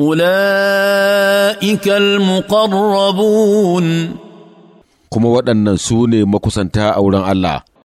أولئك المقربون kuma waɗannan su ne makusanta a wurin Allah